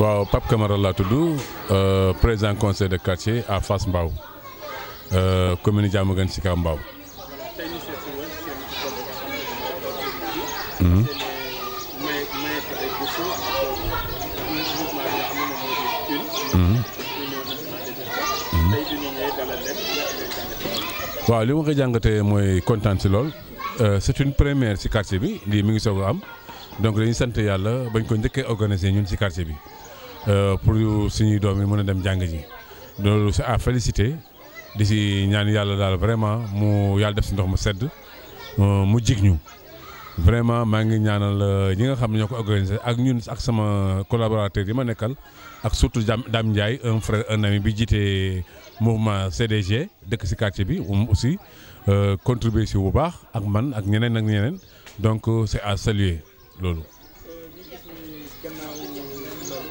waaw Pape Camara laa tudd euh, président conseil de quartier à Fass Mbao euh, commune Diamaguène Sicap Mbao mhm. Mhm. waaw li ma ko jàngatee mooy kontaan si lool euh, c'est une première si quartier bi lii mi ngi soog a am donc dañuy sant yàlla bañ ko njëkkee organiser ñun ci quartier bi Euh, pour suñuy doom yi mën a dem jàng ji loolu c'est à féliciter di si ñaan yàlla daal vraiment mu yàlla def si ndox mu sedd euh, mu jig ñu vraiment maa ngi ñaanal euh, ñi nga xam ne ñoo ko organisé ak ñun ak sama collaborateur yi ma nekkal ak surtout Dame Ndiaye un frère un ami bi jiite mouvement CDG dëkk si quartier bi um aussi contribuer si bu baax ak man ak ñeneen ak ñeneen donc c'est à saluer loolu.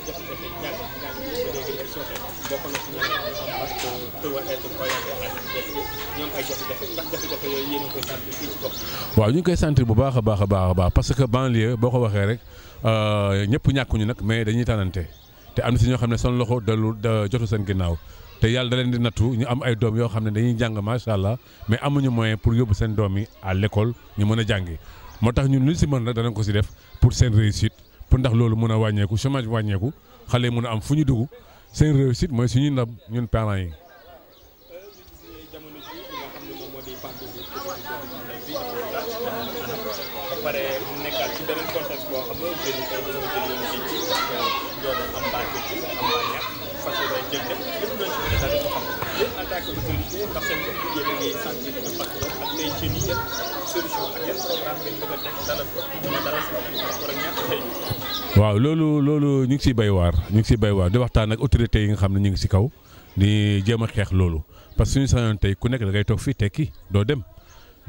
jafe-jafe waaw ñu ngi koy sentir bu baax a baax a baax baax parce que banlieue boo ko waxee rek euh, ñëpp ñàkkuñu nag mais dañuy tànnante te am na si ñoo xam ne seen loxo dalu jotu seen ginnaaw te yàlla daleen di nattu ñu am ay doom yoo xam ne dañuy jàng macha allah mais amuñu moyen pour yóbbu seen doom yi à ñu mën a jàngi moo tax ñun lu si mën rek danañ ko si def pour seen réussite pour ndax loolu mën a wàññeeku chômage bi wàññeeku xale yi mën a am fu ñu dugg seen réussite mooy suñuy ndam ñun parents yi. waaw loolu loolu ñu ngi siy bay waar ñu ngi siy bay waar di waxtaan ak autorités yi nga xam ne ñu ngi si kaw di jéem a xeex loolu parce que suñu sañoon tey ku nekk da ngay toog fii tekki doo dem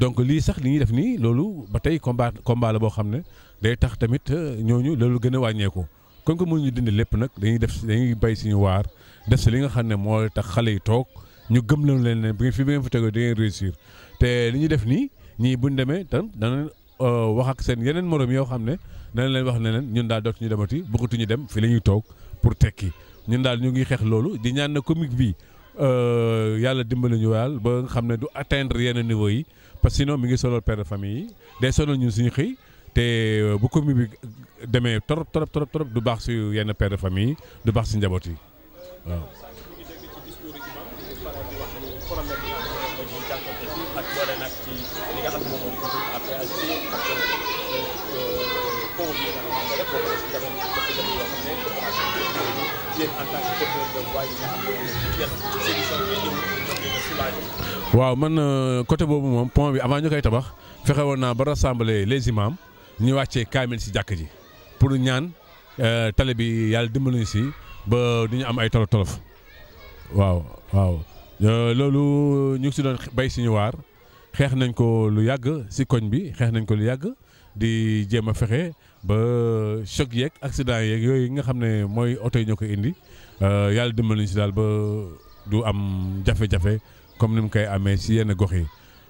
donc lii sax li ñuy def nii loolu ba tey combat combat boo xam ne day tax tamit euh, ñooñu loolu gën a wàññeeku comme que mënuñu dindi lépp nag dañuy def si dañuy bay suñu waar def si li nga xam ne moo tax xale yi toog ñu gëm leen leen ne bi fi bi ngeen fi tegoo di réussir te li ñu def nii ñii buñ demee tam danañ euh, wax ak seen yeneen morom yoo xam ne danañ leen wax ne leen ñun daal dootu dootuñu demati bëggatuñu dem fii la ñuy toog pour tekki ñun daal ñu ngi xeex loolu di ñaan na comique bi euh, yàlla dimbali ñu waal ba nga xam ne du atteindre yenn niveau yi parce que sinon mi ngi sonal per de famille yi day sonal ñun suñu xëy te euh, bu comique bi demee trop trop trop trop du baax si yenn père de famille baax si njaboot yi waaw. problème euh, yi ba waaw man euh, côté boobu moom pont bi avant ñu koy tabax fexe naa ba rassembler les imams ñu wàccee kaamil ci jàkk ji pour ñaan euh, tale bi yàlla dimbali ñu si ba duñu am ay tolof tolof waaw waaw. Euh, loolu ñu ngi si doon bay suñu waar xeex nañ ko lu yàgg si koñ bi xeex nañ ko lu yàgg di jéem a fexe ba choc yeeg accident yeeg yooyu nga xam ne mooy oto yi ñoo ko indi euh, yàlla dimbal nañ si daal ba du am jafe-jafe comme ni mu koy amee si yenn gox yi.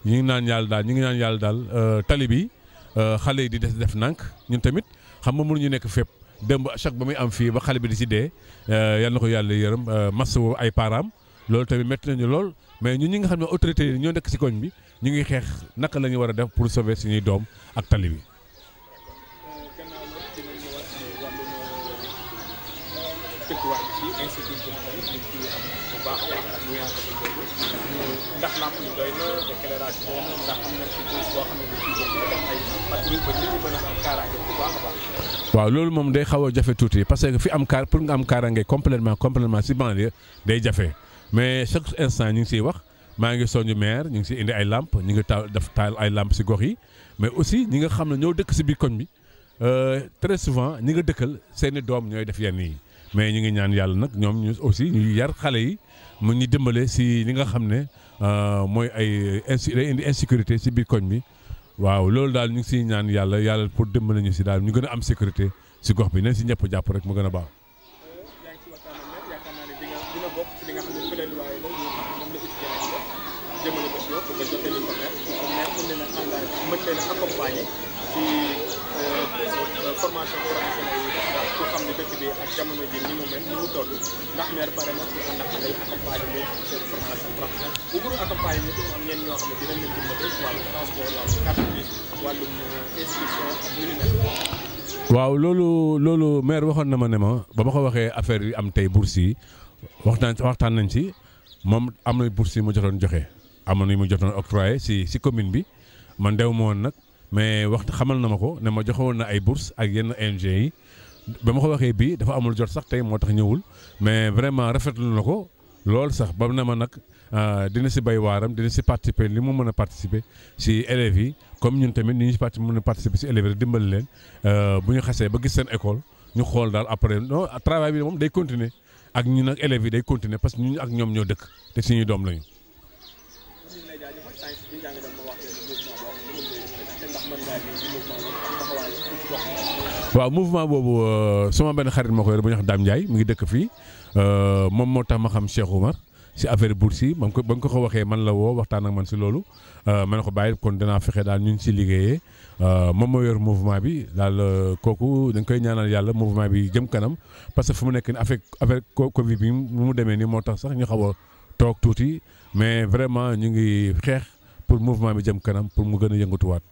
ñu ngi naan yàlla daal ñu ngi naan yàlla daal euh, tali bi xale yi di des def nànk ñun tamit xam nga mënuñu nekk fépp démb choc ba muy am fii ba xale bi di si dee yal na ko yàlla yërëm wu ay param Lol tamit metti nañu lol mais ñun ñi nga xam autorité ñu nek ci koñ bi ñu ngi xex naka lañu wara def pour sauver suñu dom ak tali bi. waaw day parce que fi am pour nga am complètement complètement ci day jafe. mais chaque instant ñu ngi siy wax maa ngi soññu maire ñu ngi siy indi ay làmp ñu ngi taal def taal ay làmp si gox yi mais aussi ñi nga xam ne ñoo dëkk si biir koñ bi euh, très souvent ñi nga dëkkal seeni doom ñooy def yenn yi mais ñu ngi ñaan yàlla nag ñoom ñu aussi ñu yar xale yi mu ñu dimbale si li nga xam ne euh, mooy ay indi insécurité si biir koñ bi waaw loolu daal ñu ngi siy ñaan yàlla yàlla pour dimbale ñu si daal ñu gën a am sécurité si gox bi ne si ñëpp jàpp rek mu gën a baax waaw loolu loolu maire waxoon na ma ne ma ba ma ko waxee affaire yi am tey bourse yi waxtaan waxtaan nañ ci moom am na bourse mu ma jotoon joxe amoon na mu jotoon octroyé si si commune bi man dew ma woon nag mais wax xamal na ma ko ne ma joxewoon na ay bourse ak yenn ng yi ba ma ko waxee bii dafa amul jot sax tey moo tax ñëwul mais vraiment rafetlu na ko loolu sax ba ne ma nag euh, dina si bay waaram dina si participer li mu mën a participer si élèves yi comme ñun tamit ni ñu si parti mën a participer si élèves yi dimbali leen euh, bu ñu xasee ba gis seen école ñu xool daal après non travail bi moom day continuer ak ñu ak élèves yi parce que ñun ak ñoom ñoo dëkk te suñuy doom lañu. nga dem ba boobu am taxawaay waaw mouvement boobu euh, sama benn xarit moo ko yor bu ñu daam Dame mu ngi dëkk fii euh, moom moo tax ma xam Cheikh Oumar si affaire bourse yi man ko ba nga ko waxee man la woo waxtaan ak man si loolu euh, ma ne ko bàyyi kon danaa fexe daal ñun si liggéeyee moom moo yor mouvement bi daal kooku dañ koy ñaanal yàlla mouvement bi jëm kanam parce que fu mu nekk nii affaire affaire Covid bi mu demee nii moo tax sax ñu xaw a toog tuuti mais vraiment ñu ngi xeex. pour mouvement mi jëm kanam pour mu gën a yëngatuwaat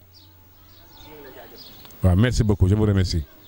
waaw merci beaucoup je vous remercie.